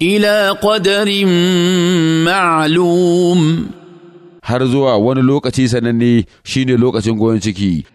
ila ƙadarin ma'lum har zuwa wani lokaci sananne shine lokacin goyon ciki